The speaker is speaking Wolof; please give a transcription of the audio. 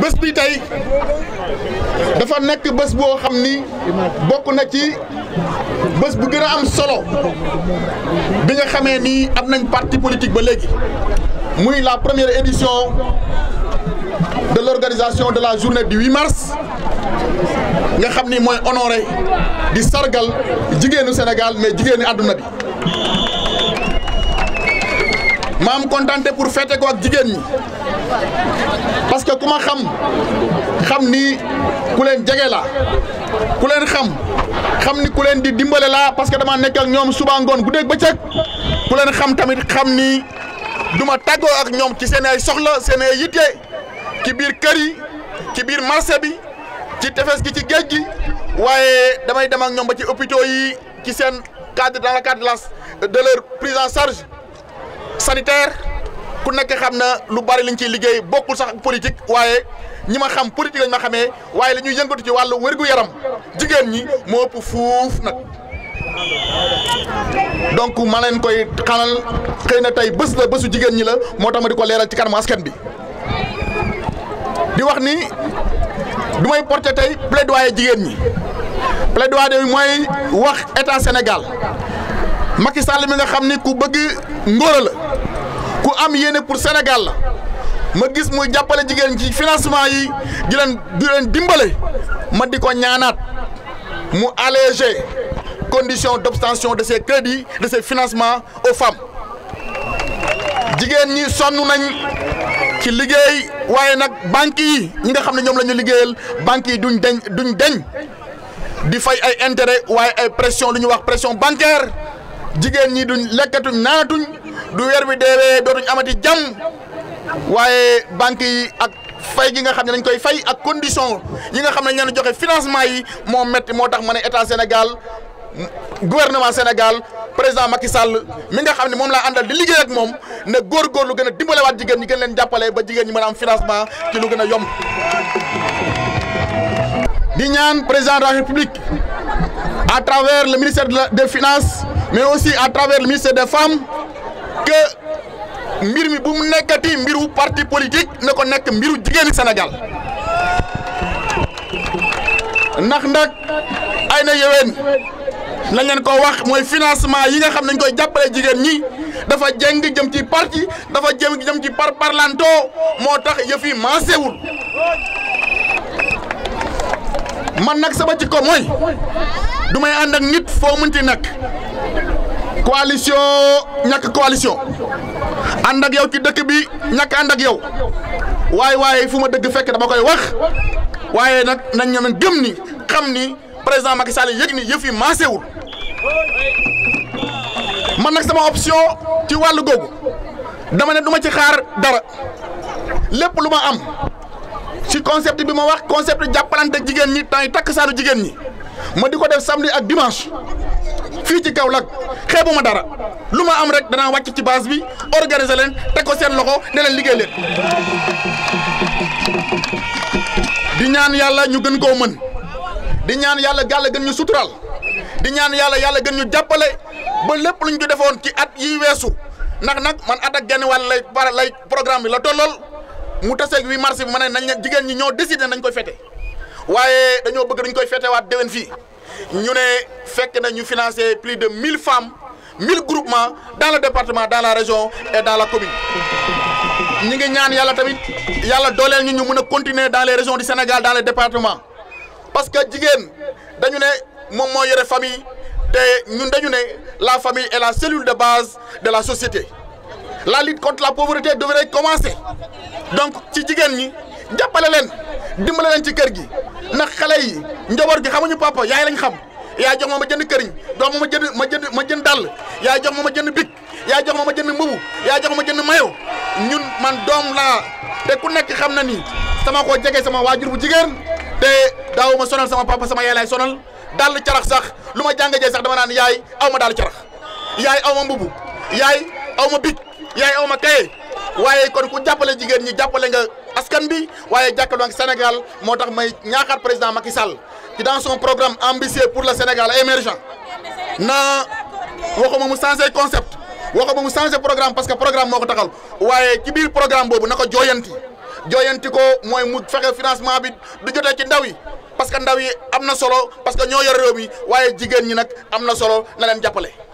bés bi solo parti politique la première édition de l'organisation de la journée du 8 mars nga xamni honoré di sargal Sénégal mais ma am kontante pour fêter ko ak jigen ñi parce que kuma xam xam ni ku len jege la ku len xam xam ni ku len di dimbalé la parce que dama nekk ak ñom suba gude ak beccak ku len xam tamit xam ni duma taggo ak ñom ci sene ay soxla sene ay yitte ci biir kër yi ci biir marché bi ci tefes gi ci géej gi waaye damay dem ak ñom ba ci hôpitaux yi ci sen cadre dans la cadre de leur prise en charge sanitaire ku nek xamna lu bari liñ ci liggéey bokul sax politik politique waye ñima xam politique lañ ma xamé waye lañu yëngatu ci walu wërgu yaram jigen ñi mo ëpp fuuf nak donc ma leen koy xalal xeyna tay bëss la bëssu jigen ñi la mo tax ma diko ko ci kan masken bi di wax ni du may porter tay plaidoyer jigen ñi plaidoyer moy wax état Sénégal Macky Sall mi nga xamni ku bëgg ngoro la ku am yene pour senegal la ma gis moy jappale jigen ci financement yi di len di len dimbalé ma diko ñaanat mu alléger condition d'obtention de ces crédits de ces financements aux femmes jigen ñi sonu nañ ci liggéey waye nak banki yi ñi nga xamne ñom lañu la ñu liggéeyal banques yi duñ deñ duñ deñ di fay ay intérêt waye ay pression luñu wax pression bancaire jigen ñi duñ lekkatuñ naanatuñ du weer wi deewee dootuñ amati jam, waaye banque yi ak fay gi nga xam ne dañ koy fay ak condition yi nga xam ne dañ joxe financement yi moo metti moo tax ma ne état Sénégal gouvernement Sénégal président Macky Sall mi nga xam ne moom laa àndal di liggéey ak moom ne góorgóorlu gën a dimbalewaat jigéen ñi gën leen jàppale ba jigéen ñi mën a am financement ci lu gën a di ñaan président de la République à travers le ministère des finances. mais aussi à travers le ministère des femmes que mirmi boum Nekati, mirou parti politique ne ko que mbiru jigéenu Sénégal nakh nag ay na yeween moi ko wax financement yi nga xam nañ koy jàppale dafa jeng jëm ci parti dafa jëm jëm ci par parlanto moo tax yofi man Nak sama ci ko may nit foo coalition ñak coalition and ak yow ci dëkk bi ñak and ak yow waay waay fu ma dëgg fekk dama koy wax waye nak nañ ñan gëm ni xam ni président Macky Sall yëg ni yëf yi maasewul man nak sama option ci walu gogu dama ne duma ci xaar dara lepp luma am ci concept bi ma wax concept jappalante jigen ni temps tak saaru jigen ni ma diko def samedi ak dimanche fi ci Kaolack xébuma dara luma am rek dana wacc ci base bi organiser len teg ko loxo ne len liggéel len di ñaan yalla ñu gën ko mën di ñaan yalla yàlla gën ñu sutural di ñaan yalla yalla gën ñu jappalé ba lepp luñu ko defoon ci at yi wessu nak nak man at ak genn wal lay pare lay programme bi la tollol mu taseeg wi marché bi mané nañ jigen ñi ñoo décider nañ koy fete waaye dañoo bëgg dañ koy waat déwén fi Nous avons financé plus de 1000 femmes 1000 groupements dans le département dans la région et dans la commune Nous avons ñaan tamit continuer dans les régions du Sénégal dans les départements parce que nous dañu une famille la famille est la cellule de base de la société la lutte contre la pauvreté devrait commencer donc ci jigéen ñi nous leen dimbale leen ci kër ndax xale yi njaboot gi xamuñu papa yaay lañ xam yaay jox ma ma jënd këriñ doom ma ma jënd ma jënd ma jënd dàll yaay jox ma ma jënd big yaay jox ma ma jënd mbubu yaay jox ma jënd mayo ñun man doom laa te ku nekk xam na ni sama ko jege sama waajur bu jigéen te daaw ma sonal sama papa sama yaay laay sonal dàll carax sax lu ma jàng jee sax dama naan yaay aw ma dàll carax yaay aw ma mbubu yaay aw ma yaay aw ma kaye waaye kon ku jàppale jigéen ñi jàppale nga. askan bi waye jàkkaarloo ak senegal motax may ñaakar president Macky Sall ci dans son programme ambitieux pour le senegal émergent na waxuma mu changer concept waxuma mu changer programme parce que programme moko ko taxal waaye ci biir programme bobu nako joyanti joyanti ko moy mu fexé financement bi du jotté ci ndaw yi parce que ndaw yi amna solo parce que ño yor rew mi waye jigen ñi nak amna solo na len jappalé